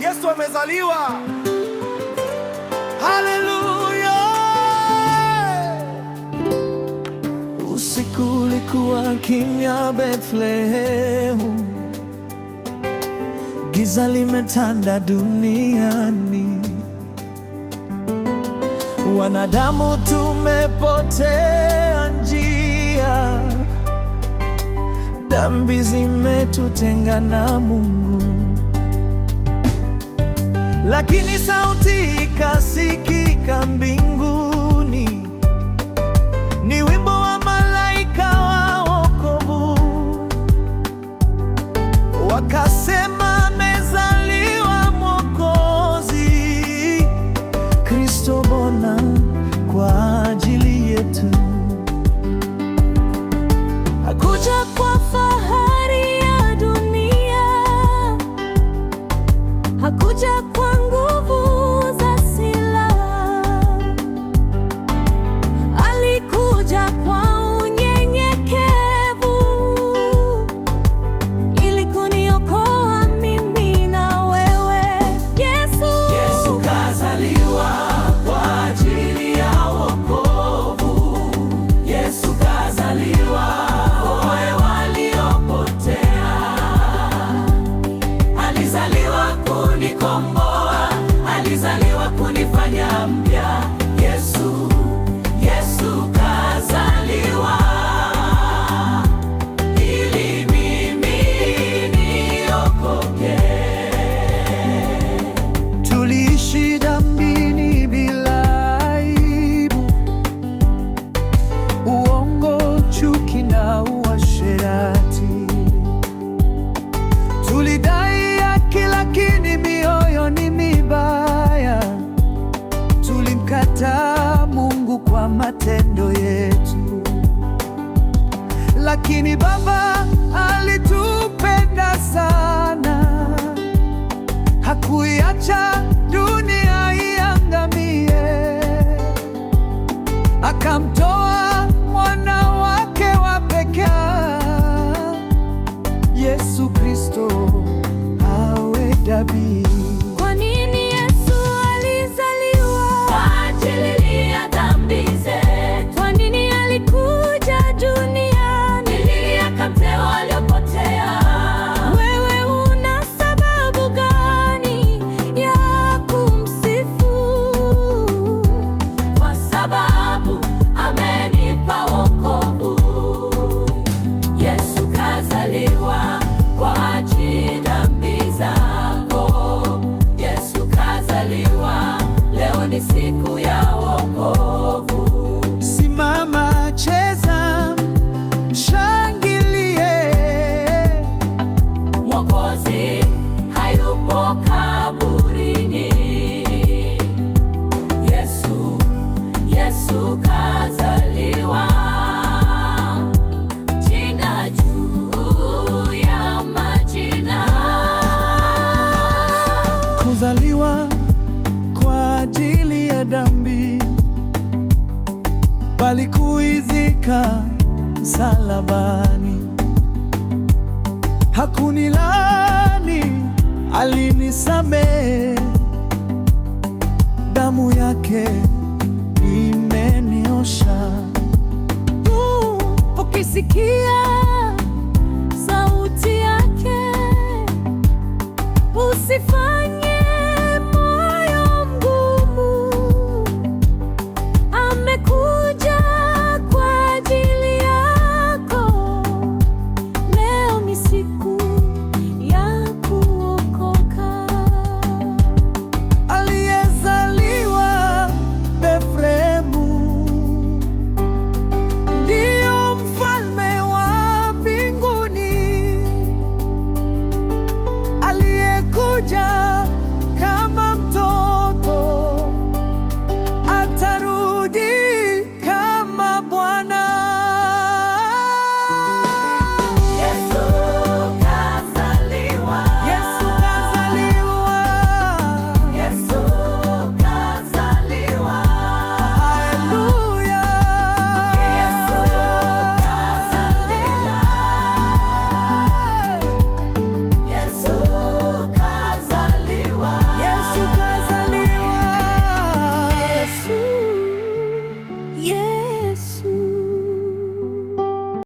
Yesu amezaliwa, haleluya! Usiku ulikuwa kimya Bethlehemu, giza limetanda duniani, wanadamu tumepotea Dhambi zimetutenga na Mungu, lakini sauti ikasikika mbinguni cambia. matendo yetu, lakini Baba Umebarikiwa, leo ni siku ya wokovu. ajili ya dhambi, bali kuizika msalabani. Hakunilani, alinisamehe, damu yake imeniosha. ukisikia